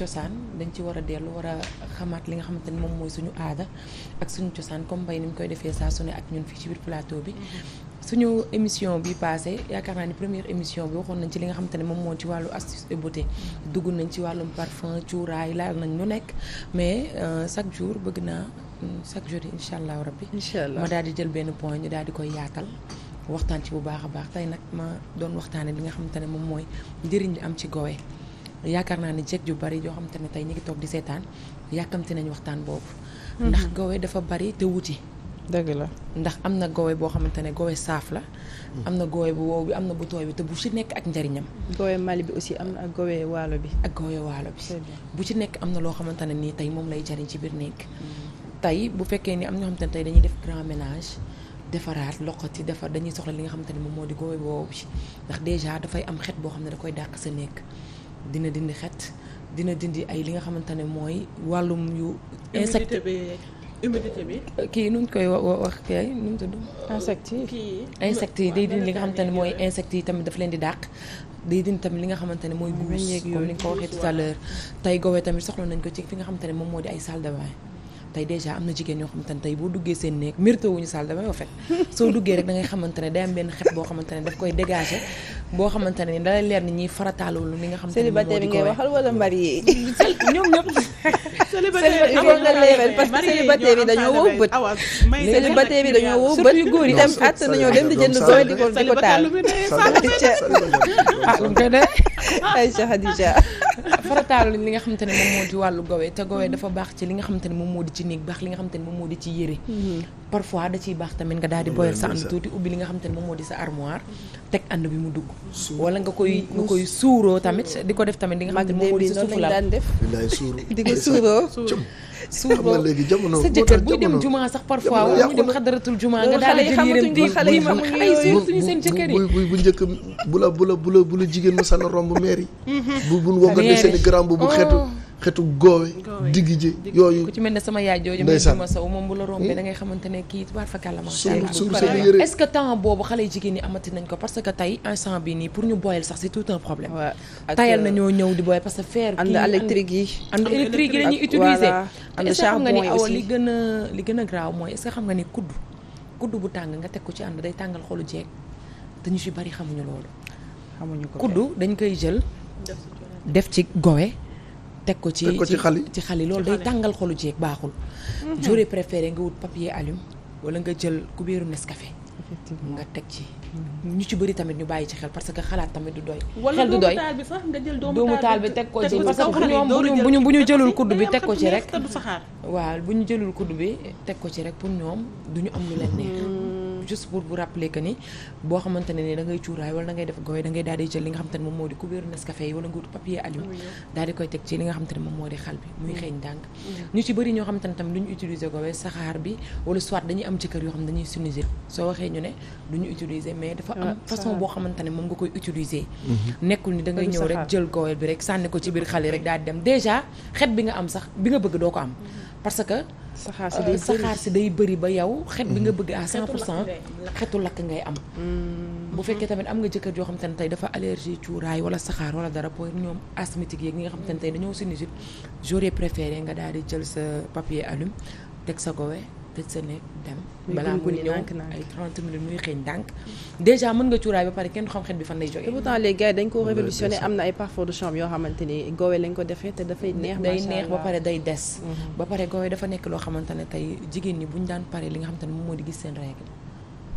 cosaan dañ ci war a dellu war a xamaat li nga xamante ni moom mooy suñu aada ak suñu cosaan comme mbay ni mu koy defee saa su ak ñun fii ci biir plateau bi suñu émission bi passé yaakaar naa ni première émission bi waxoon nañ ci li nga xamante ne moom moo ci wàllu astuce et beauté dugg nañ ci wàllum parfum cuuraay laal nañ lu nekk mais euh, chaque jour bëgg naa hmm, chaque jour yi incha allahu rabbi ma daal di jël benn point ñu daal di koy yaatal waxtaan ci bu baax a baax tey nag ma doon waxtaane li nga xamante ne moom mooy njëriñ li am ci gowe yaakaar naa ne jeeg ju bari joo xamante ne tey ñu ngi toog di seetaan yàkkamti nañ waxtaan boobu. Mhm. ndax goowe dafa bari te wuti. dëgg la ndax am na goowe boo xamante ne goowe saaf la. Mhm. am na goowe bu wow bi am na bu tooy bi te bu ci nekk ak njariñam. goowe Mali bi aussi am na ak goowe waalo bi. ak goowe waalo bi. bu ci nekk am na loo xamante ne nii tey moom lay jariñ ci biir néeg mhm. tey bu fekkee ni am ñoo xamante ne tey dañuy def grand ménage. defaraat loqati defar dañuy soxla li nga xamante ne moom moo di goowe boobu ndax déjà dafay am xet boo xam ne da koy dàq sa nekk. dina dindi xet dina dindi ay li nga xamante ne mooy wàllum yu. insecte humidité bi kii nu ñu koy wax kay nu mu tudd. insectes yi kii insectes yi day dindi li nga xamante mooy insectes yi tamit daf leen di dàq. day dindi tamit li nga xamante ne mooy guus comme ni nga ko waxee tout à l'heure tey gowee tamit soxla nañ ko ci fi nga xamante ne moom moo di ay salle de bain déjà am na jigéen ñoo xamante ne tey boo duggee seen néeg mérité wuñu salle de bain en fait soo duggee rek da ngay xamante ne day am benn xet boo xamante ne daf koy dégager boo xamante ne da lay leer ni ñuy farataalul li nga xam te ne célibataire bi ngay waxal wala marié ñoom ñëpp célibataire bi nga leeral parce que célibataire yi dañoo wow bët ah, célibataire yi dañoo wow bët surtout góor yi tam at nañoo dem di jënd sooy di ko di ko taal ah lu mu koy dee Aïcha Khadija farataalu li nga xamante ne moom moo di wàllu gowe te gowe dafa baax ci li nga xamante ne moom moo di ci néeg baax li nga xam te ne moom moo di ci yére mhm. parfois da ciy baax tamit nga daal di boyal sa ànd tuuti ubbi li nga xamante ne moom moo di sa armoire teg ànd bi mu dugg wala nga koy nga koy suuroo tamit di ko def tamit di nga xamante ne moom moo di sa suuf la di ko suuroo suur boobu sa jëkkër buy dem juma sax parfois wala mu dem xadaratul juma nga daal di jël yërëm xale yi ma xale yi suur suñu seen jëkkër yi bu bu njëkk bu la bu la bu la jigéen ma romb mairie bu bu wogande seen i grand bu bu xetu goowe digg ji yooyu ku mel ne sama yaay jooju ma saw moom bu la rombee hmm? da ngay xamante ne kii war fa kàlla macha allah est-ce que temps boobu xale yi jigéen ñi amati nañ ko parce que tey instant bi nii pour ñu boyal sax c'est tout un euh, nañoo ñëw di boyal parce que fer ànd électrique yi ànd électrique yi la ñuy est-ce que xam nga ni awa li gën a li gën a graaw mooy est-ce que xam nga ni kudd kudd bu tàng nga teg ko ci ànd day tàngal xolu jeeg dañu ci bari xamuñu loolu xamuñu ko kudd dañ koy jël def ci gowe teg ko ci ci ci xali loolu day tàngal xolu jeeg baaxul. Mhm. j'aurais préféré nga wut papier allume wala nga jël ku kubéeru Nescafé. nga teg ci ñu ci bëri tamit ñu bàyyi ci xel parce que xalaat tamit du doy. xel du doy wala doomu taal bi sax taal bi teg ko ci parce que ñoom bu ñu bu kudd bi teg ko ci rek. waaw bu ñu jëlul kudd bi teg ko ci rek pour ñoom du ñu am lu leen neex. Hmm. juste pour bu rappeler que ni boo xamante ne ni da ngay cuuraay wala da def gooy da ngay jël li nga xamante ne moom moo di kubéeru Nescafé yi wala nga wut papier alum daal di koy teg ci li nga xamante ne moom moo di xal bi muy xeeñ dànk ñu ci bëri ñoo xamante ne tam duñu utiliser gooy saxaar bi wala soit dañuy am ci kër yoo xam ne dañuy suniser soo waxee ñu ne ñu utiliser mais dafa façon boo xamante ne moom nga koy utiliser mhm. nekkul ni da ngay ñëw rek jël gooyal bi rek sànni ko ci biir xal yi rek daal di dem déjà xet bi nga am sax bi nga bëgg doo ko am mhm. parce que euh, saxaar si day bëri ba yow xet bi nga bëgg à cent pour cent xetu lakk ngay am mm. bu fekkee tamit am nga jëkkër joo xam te ne tey dafa allergie cuuraay wala saxaar wala dara pour ñoom asthmatique yeeg ñi nga xam te tey dañoo sinusite j'aurais préféré nga daal di jël sa papier allume teg sa gowe tëj sa nekk dem. balaa muy ñëw ay 30 minutes muy xëy ndànk. déjà mën nga cuuraay ba pare kenn xam xet bi fan lay jógee. ko révolutionné am ay parfum de chambre yoo xamante ni goowe lañ ko defee te dafay neex. day neex ba pare day des. Mhm. ba pare goowe dafa nekk loo xamante ne tey jigéen ñi bu ñu daan pare li nga xamante ne moom moo di gis seen règle.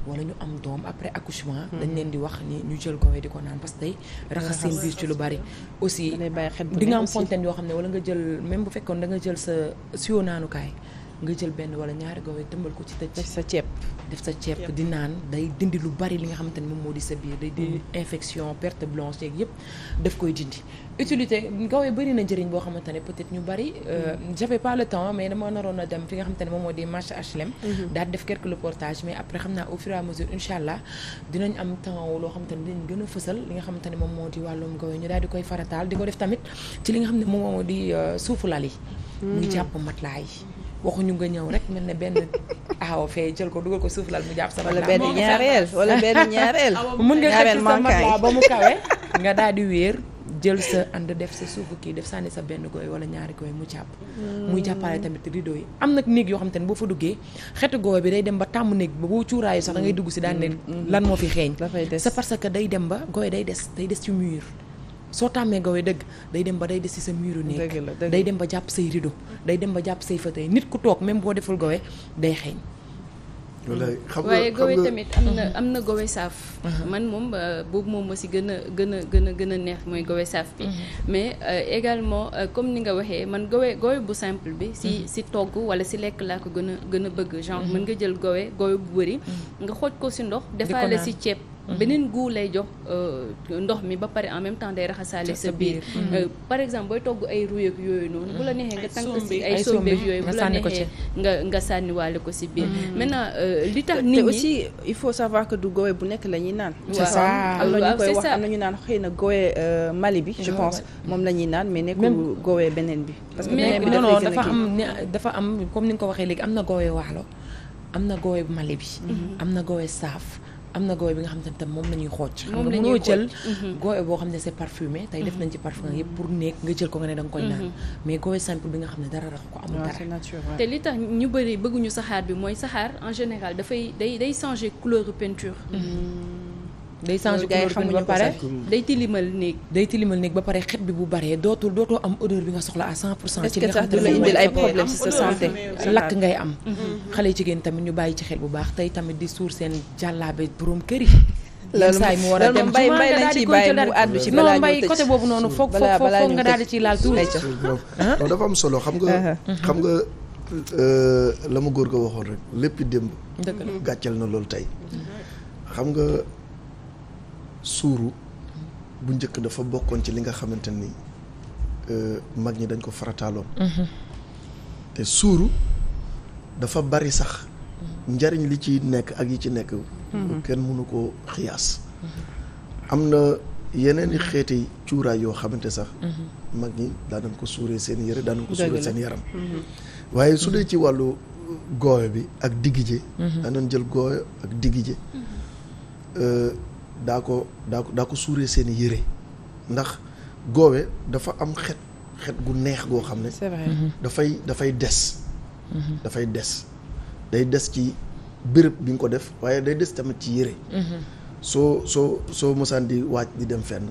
wala ñu am doom après accouchement. Mhm. dañ leen di wax ni ñu jël goowe di ko naan parce que day raxas seen biir ci lu bari. aussi di nga am fontaine yoo xam ne wala nga jël même bu fekkoon da jël sa suyoo naanukaay nga jël benn wala ñaari gawé tëmbal ko ci sa ceeb def sa ceeb di naan day dindi lu bari li nga xamante ne moom moo di sa biir day dindi mm. infection perte blanche yeeg yëpp daf koy dindi utilité gawé bari na njëriñ boo xamante ne peut-être ñu bari euh, mm. j'avais pas le temps mais dama naroon a dem fi nga ne moom moo di marché HLM mm-hmm. daal def quelques reportages mais après xam naa au fur et à mesure incha allah dinañ am temps loo xamante ne dinañ gën a fësal li nga xamante ne moom moo di wàllum gawé ñu daal koy farataal di ko def tamit ci li nga xam ne moom moo di euh, suufu lal yi muy mm. jàpp matelas yi waxuñu nga ñëw rek mel ne benn aaw fee jël ko dugal ko suuf lal mu jàpp sa wala benn ñaareel wala benn ñaareel mën nga teg sa matelas ba mu kawe nga daal di wéer jël sa ànd def sa suufu kii def sànni sa benn gooy wala ñaari gooy mu jàpp hmm. muy jàppale tamit rideau yi am nag néeg yoo xam te ne boo fa duggee xetu gooy bi day dem ba tàmm néeg ba boo cuuraayu sax da hmm. dugg si daan ne hmm. lan moo fi xeeñ sa parce que day dem ba gooy day des day des ci mur soo tàmmee gawee dëgg day dem ba day des ci sa muru néeg day dem ba jàpp say rido day dem ba jàpp say fauteuil nit ku toog même boo deful gawee day xeeñ waaye gowe tamit am na am na saaf uh-huh. man moom euh, boobu moom ma si gën a gën a gën a gën a neex mooy gowe saaf bi uh-huh. mais euh, également euh, comme ni nga waxee man gowe gowe bu simple bi si si uh-huh. togg wala si lekk laa ko gën a gën a bëgg genre mën nga jël gowe gowe bu bëri nga xooj ko si ndox defaale si ceeb Mm-hmm. beneen goût lay jox euh, ndox mi ba pare en même temps day raxasaale sa biir mm-hmm. euh, par exemple booy togg ay ruy yooyu noonu bu la mm-hmm. neexee nga tànk si ay sombeeg yooyu bu la neexee nga nga sànniwaale ko si biir maintenant euh, li tax nit ñi il faut savoir que du goowe bu nekk la ñuy naan c'est ça am na ñu naan xëy na goowe Mali bi je pense moom la ñuy naan mais nekkul goowee beneen bi parce que beneen bi non dafa am dafa am comme ni nga ko waxee léegi am na goowe waalo am na goowe Mali bi am na goowe saaf am na gooy bi nga xam ne tam moom la ñuy xooj xam nga mënoo jël mhm. gooy boo xam ne c'est parfumé tey def nañ ci parfum yëpp pour nekk nga jël ko nga ne da nga koy naan mhm. mais gooy simple bi nga xam ne dara rax ko amul te li tax ñu bëri bëgguñu saxaar bi mooy saxaar en général dafay day day changer couleur peinture mhm. day changé couleur xamuñu pare day tilimal néeg day tilimal néeg ba pare xet bi bu baree dootul dootoo am odeur bi nga soxla a 100 pour cent ci li nga xam ne indil ay problème ci sa santé lakk ngay am mhm. xale jigéen tamit ñu bàyyi ci xel bu baax tey tamit di suur seen jàllaabe borom kër la ma góor ko waxoon rek lépp démb gàcceel na loolu tey uh-huh. xam nga suuru bu njëkk dafa bokkoon ci li nga xamante ni euh, mag ñi dañ ko farataaloon. Mhm. te suuru dafa bari sax njariñ li ci nekk ak yi ci nekk. Mhm. kenn mënu ko xiyaas. Mhm. am na yeneen i xeeti cuuraay yoo xamante sax. mag ñi daanañ ko suuree seen yëre daanañ ko suuree seen yaram. waaye su dee ci wàllu gooyo bi ak digije. daanañ jël gooyo ak digije. Euh, daa ko daa ko daa ko suuree seen i ndax goowe dafa am xet xet gu neex goo xam ne. c'est vrai mhm. dafay dafay des. Mhm. dafay des day des ci béréb bi nga ko def waaye day des tamit ci yëre. Mhm. soo soo soo mosaan di waaj di dem fenn.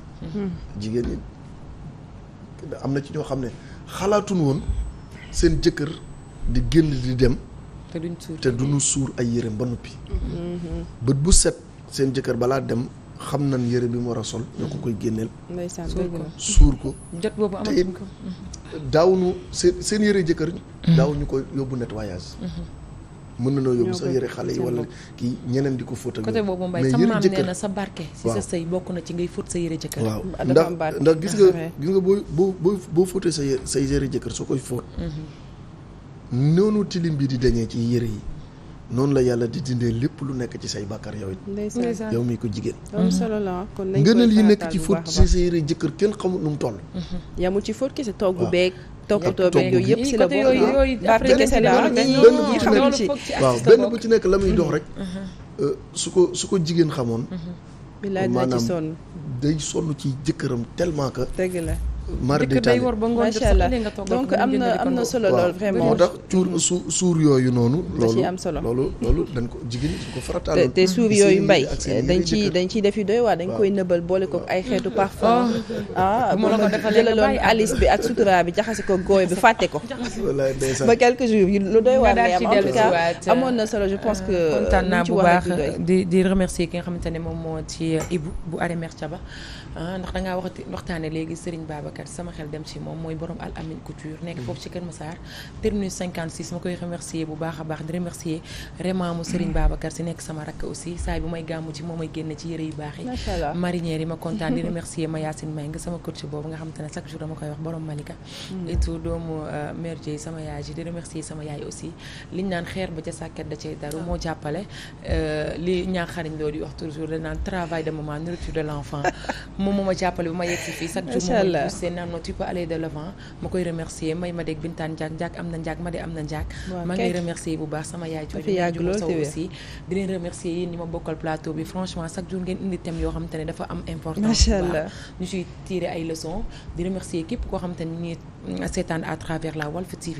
jigéen ñi am na ci ñoo xam ne xalaatul woon seen jëkkër di génn di dem. te duñu suur ay yëreem ba noppi. bët bu set. seen jëkkër balaa dem xam nañ yëre bi mu war a sol ñoo ko koy génneel suur ko jot boobu amatuñ ko daawuñu seen seen yëre jëkkër daawuñu ko yóbbu nettoyage mhm. mën na noo yóbbu sax yëre xale yi wala kii di ko fóot ak côté boobu sa maam nee na sa barke si sa sëy bokk na ci ngay fóot sa yëre jëkkër waaw ndax ndax gis nga gis nga boo boo boo boo fóotee sa say yëre jëkkër soo koy fóot mhm. noonu tilim bi di dañee ci yëre yi noonu la yàlla di dindee lépp lu nekk ci say bàkkaar yow it yow mi ko jigéen mhm. ngënal yi nekk ci fóot si sa yére jëkkër kenn xamul nu mu toll mhm. yamu ci fóot kese togg beeg toppatoo beeg yooyu si la bokk ah. benn bu ci nekk waaw benn bu ci nekk la muy dox rek mhm. Euh, su ko su ko jigéen xamoon maanaam day sonn ci jëkkëram tellement que dëgg la mardi tali macha allah donc am na am na solo lool vraiment moo tax suur yooyu noonu. loolu am solo loolu dañ ko jigéen dañ ko farataal. te suur yooyu mbay dañ ciy dañ ciy def yu doy waa dañ koy nëbal boole ko ay xeetu ah. parfum. ah, ah, ah. bu ma la jëlaloon alice bi ak sutura bi jaxase ko gooy bi fàtte ko. ba quelques jours yi lu doy waa day am en tout cas amoon na solo je pense que. Euh, kontaan naa bu baax di di remercier ki nga xamante ne moom moo ci euh, Ibou bu Aremère Thiaba ndax da ngaa waxati waxtaane léegi Serigne Babacar Babacar sama xel dem ci moom mooy borom Al Amine Couture nekk foofu ci Kër Massar terminus 56 ma koy remercier bu baax a baax di remercier vraiment ma kontaan May nga sama coach boobu nga xam te ne chaque jour dama koy wax borom Malika mm. doomu euh, mère Dieye sama yaay aussi liñ naan xeer ba ca da cay daru moo jàppale euh, li ñaaxariñ loolu di wax toujours da naan travail de maman nourriture de l'enfant moom moo jàppale bu ma yegg fii chaque jour gisee naan ma tu peux de l'avant ma koy remercier may ma de bintaan njaak njaak am na njaak ma de am na njaak ma ngay remercier bu baax sama yaay jooju juma sow aussi di leen remercier yéen ñi ma bokkal plateau bi franchement chaque jour ngeen indi thème yoo xam ne dafa am importance bu baax ñu ciy tirer ay leçons di remercier képp koo xam te ne ñu ngi seetaan à travers la Walf TV